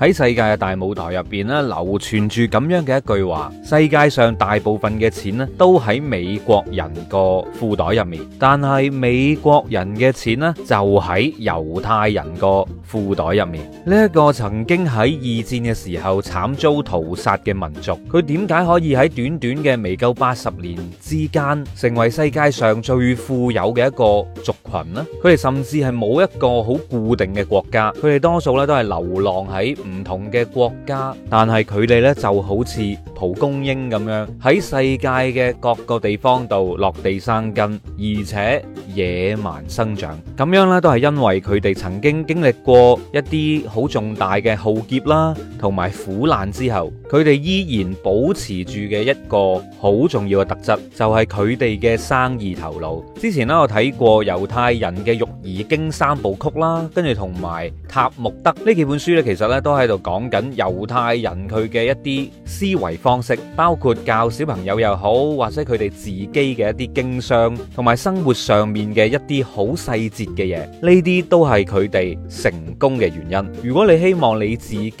喺世界嘅大舞台入邊咧，流傳住咁樣嘅一句話：世界上大部分嘅錢咧，都喺美國人個褲袋入面；但係美國人嘅錢咧，就喺猶太人個褲袋入面。呢一個曾經喺二戰嘅時候慘遭屠殺嘅民族，佢點解可以喺短短嘅未夠八十年之間，成為世界上最富有嘅一個族群咧？佢哋甚至係冇一個好固定嘅國家，佢哋多數咧都係流浪喺。唔同嘅國家，但係佢哋咧，就好似，蒲公英咁樣喺世界嘅各個地方度落地生根，而且野蠻生長。咁樣咧都係因為佢哋曾經經歷過一啲好重大嘅浩劫啦，同埋苦難之後，佢哋依然保持住嘅一個好重要嘅特質，就係佢哋嘅生意頭腦。之前咧我睇過猶太人嘅《育兒經三部曲》啦，跟住同埋《塔木德》呢幾本書咧，其實咧都喺度講緊猶太人佢嘅一啲思維方方式包括教小朋友又好，或者佢哋自己嘅一啲經商同埋生活上面嘅一啲好細節嘅嘢，呢啲都係佢哋成功嘅原因。如果你希望你自己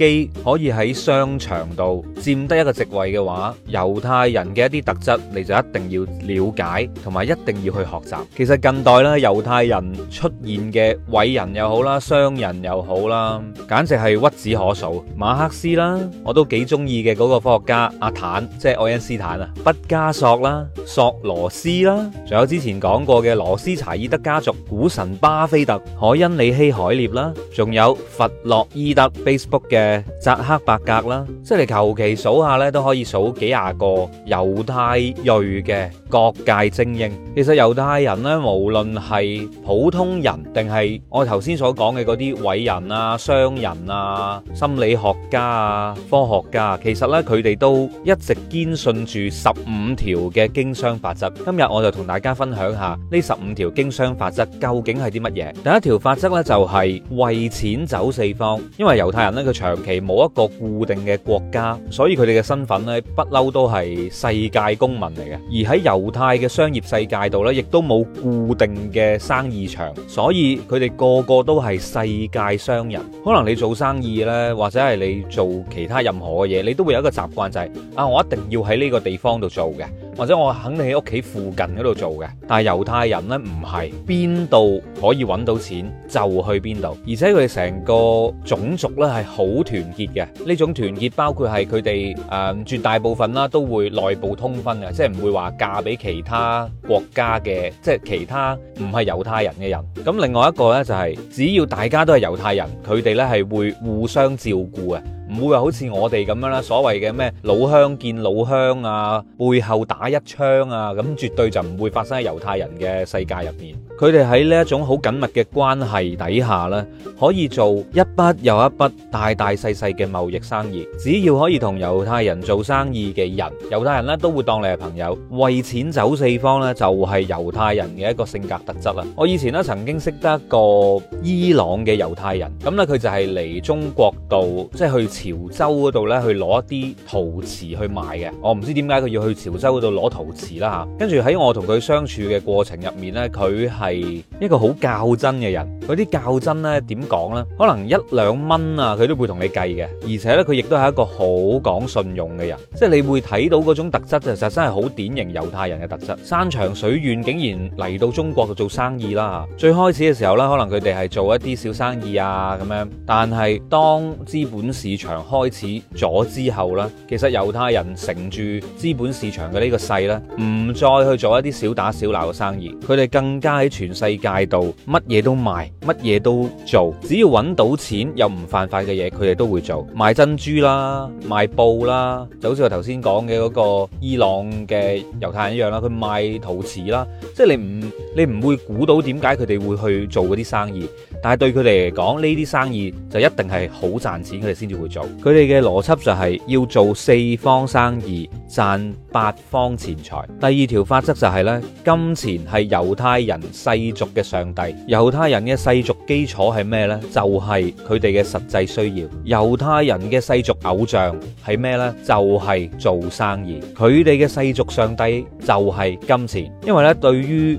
可以喺商場度佔得一個席位嘅話，猶太人嘅一啲特質你就一定要了解，同埋一定要去學習。其實近代啦，猶太人出現嘅偉人又好啦，商人又好啦，簡直係屈指可數。馬克思啦，我都幾中意嘅嗰個科學家。阿坦即係愛因斯坦啊，畢加索啦，索羅斯啦，仲有之前講過嘅羅斯柴爾德家族股神巴菲特、海因里希海涅啦，仲有弗洛伊德 Facebook 嘅扎克伯格啦，即係你求其數下咧都可以數幾廿個猶太裔嘅各界精英。其實猶太人咧，無論係普通人定係我頭先所講嘅嗰啲偉人啊、商人啊、心理學家啊、科學家，其實咧佢哋都。一直堅信住十五條嘅經商法則。今日我就同大家分享下呢十五條經商法則究竟係啲乜嘢。第一條法則呢，就係為錢走四方。因為猶太人呢，佢長期冇一個固定嘅國家，所以佢哋嘅身份呢，不嬲都係世界公民嚟嘅。而喺猶太嘅商業世界度呢，亦都冇固定嘅生意場，所以佢哋個個都係世界商人。可能你做生意呢，或者係你做其他任何嘅嘢，你都會有一個習慣就係、是。啊！我一定要喺呢個地方度做嘅，或者我肯定喺屋企附近嗰度做嘅。但係猶太人呢，唔係，邊度可以揾到錢就去邊度，而且佢哋成個種族呢係好團結嘅。呢種團結包括係佢哋誒絕大部分啦都會內部通婚嘅，即係唔會話嫁俾其他國家嘅，即係其他唔係猶太人嘅人。咁另外一個呢，就係、是、只要大家都係猶太人，佢哋呢係會互相照顧嘅。唔會話好似我哋咁樣啦，所謂嘅咩「老鄉見老鄉」啊，背後打一槍啊，咁絕對就唔會發生喺猶太人嘅世界入面。佢哋喺呢一種好緊密嘅關係底下呢，可以做一筆又一筆大大細細嘅貿易生意。只要可以同猶太人做生意嘅人，猶太人呢都會當你係朋友。為錢走四方呢，就係、是、猶太人嘅一個性格特質啦。我以前呢曾經識得個伊朗嘅猶太人，咁呢，佢就係嚟中國度，即係去潮州嗰度呢，去攞啲陶瓷去賣嘅。我唔知點解佢要去潮州嗰度攞陶瓷啦嚇。跟住喺我同佢相處嘅過程入面呢，佢係。係一個好較真嘅人，嗰啲較真呢點講呢？可能一兩蚊啊，佢都會同你計嘅。而且呢，佢亦都係一個好講信用嘅人，即係你會睇到嗰種特質就實真係好典型猶太人嘅特質。山長水遠竟然嚟到中國做生意啦。最開始嘅時候呢，可能佢哋係做一啲小生意啊咁樣。但係當資本市場開始咗之後呢，其實猶太人乘住資本市場嘅呢個勢呢，唔再去做一啲小打小鬧嘅生意，佢哋更加喺全世界度乜嘢都賣，乜嘢都做，只要揾到錢又唔犯法嘅嘢，佢哋都會做。賣珍珠啦，賣布啦，就好似我頭先講嘅嗰個伊朗嘅猶太人一樣啦，佢賣陶瓷啦，即係你唔。你唔會估到點解佢哋會去做嗰啲生意，但係對佢哋嚟講，呢啲生意就一定係好賺錢，佢哋先至會做。佢哋嘅邏輯就係、是、要做四方生意，賺八方錢財。第二條法則就係、是、呢，金錢係猶太人世俗嘅上帝。猶太人嘅世俗基礎係咩呢？就係佢哋嘅實際需要。猶太人嘅世俗偶像係咩呢？就係、是、做生意。佢哋嘅世俗上帝就係金錢，因為呢對於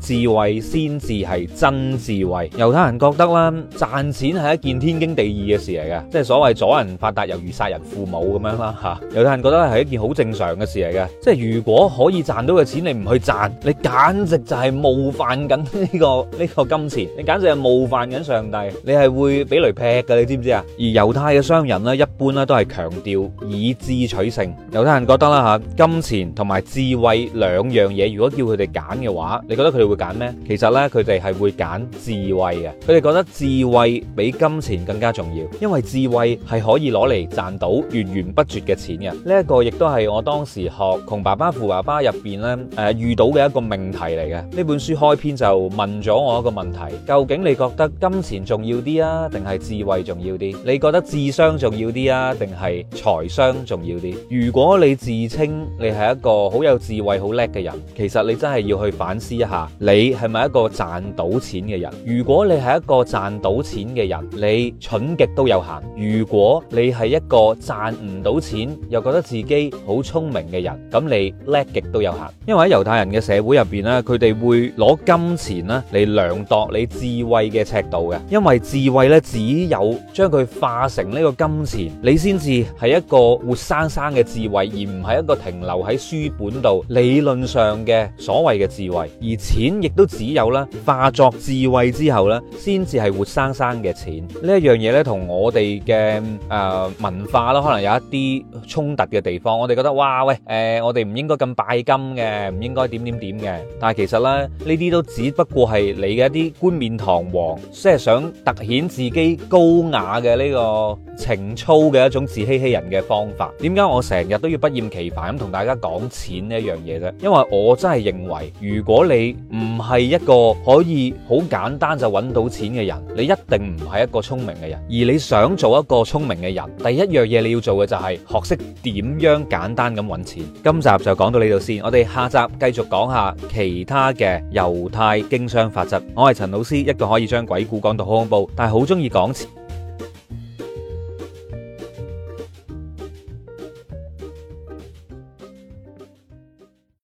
智慧先至係真智慧。猶太人覺得啦，賺錢係一件天經地義嘅事嚟嘅，即係所謂阻人發達猶如殺人父母咁樣啦嚇。猶太人覺得係一件好正常嘅事嚟嘅，即係如果可以賺到嘅錢你唔去賺，你簡直就係冒犯緊呢個呢個金錢，你簡直係冒犯緊上帝，你係會俾雷劈嘅，你知唔知啊？而猶太嘅商人呢，一般咧都係強調以智取勝。猶太人覺得啦嚇、啊，金錢同埋智慧兩樣嘢，如果叫佢哋揀嘅話，你覺得佢哋？會揀咩？其實咧，佢哋係會揀智慧嘅。佢哋覺得智慧比金錢更加重要，因為智慧係可以攞嚟賺到源源不絕嘅錢嘅。呢一個亦都係我當時學《窮爸爸富爸爸》入邊咧誒遇到嘅一個命題嚟嘅。呢本書開篇就問咗我一個問題：究竟你覺得金錢重要啲啊，定係智慧重要啲？你覺得智商重要啲啊，定係財商重要啲？如果你自稱你係一個好有智慧、好叻嘅人，其實你真係要去反思一下。你係咪一個賺到錢嘅人？如果你係一個賺到錢嘅人，你蠢極都有限；如果你係一個賺唔到錢又覺得自己好聰明嘅人，咁你叻極都有限。因為喺猶太人嘅社會入邊咧，佢哋會攞金錢咧嚟量度你智慧嘅尺度嘅。因為智慧咧只有將佢化成呢個金錢，你先至係一個活生生嘅智慧，而唔係一個停留喺書本度理論上嘅所謂嘅智慧，而錢。咁亦都只有咧化作智慧之後咧，先至係活生生嘅錢。呢一樣嘢咧，同我哋嘅誒文化啦，可能有一啲衝突嘅地方。我哋覺得哇喂，誒、呃、我哋唔應該咁拜金嘅，唔應該點點點嘅。但係其實咧，呢啲都只不過係你嘅一啲冠冕堂皇，即係想凸顯自己高雅嘅呢個情操嘅一種自欺欺人嘅方法。點解我成日都要不厭其煩咁同大家講錢呢一樣嘢啫？因為我真係認為，如果你唔係一個可以好簡單就揾到錢嘅人，你一定唔係一個聰明嘅人。而你想做一個聰明嘅人，第一樣嘢你要做嘅就係學識點樣簡單咁揾錢。今集就講到呢度先，我哋下集繼續講下其他嘅猶太經商法則。我係陳老師，一個可以將鬼故講到好恐怖，但係好中意講錢。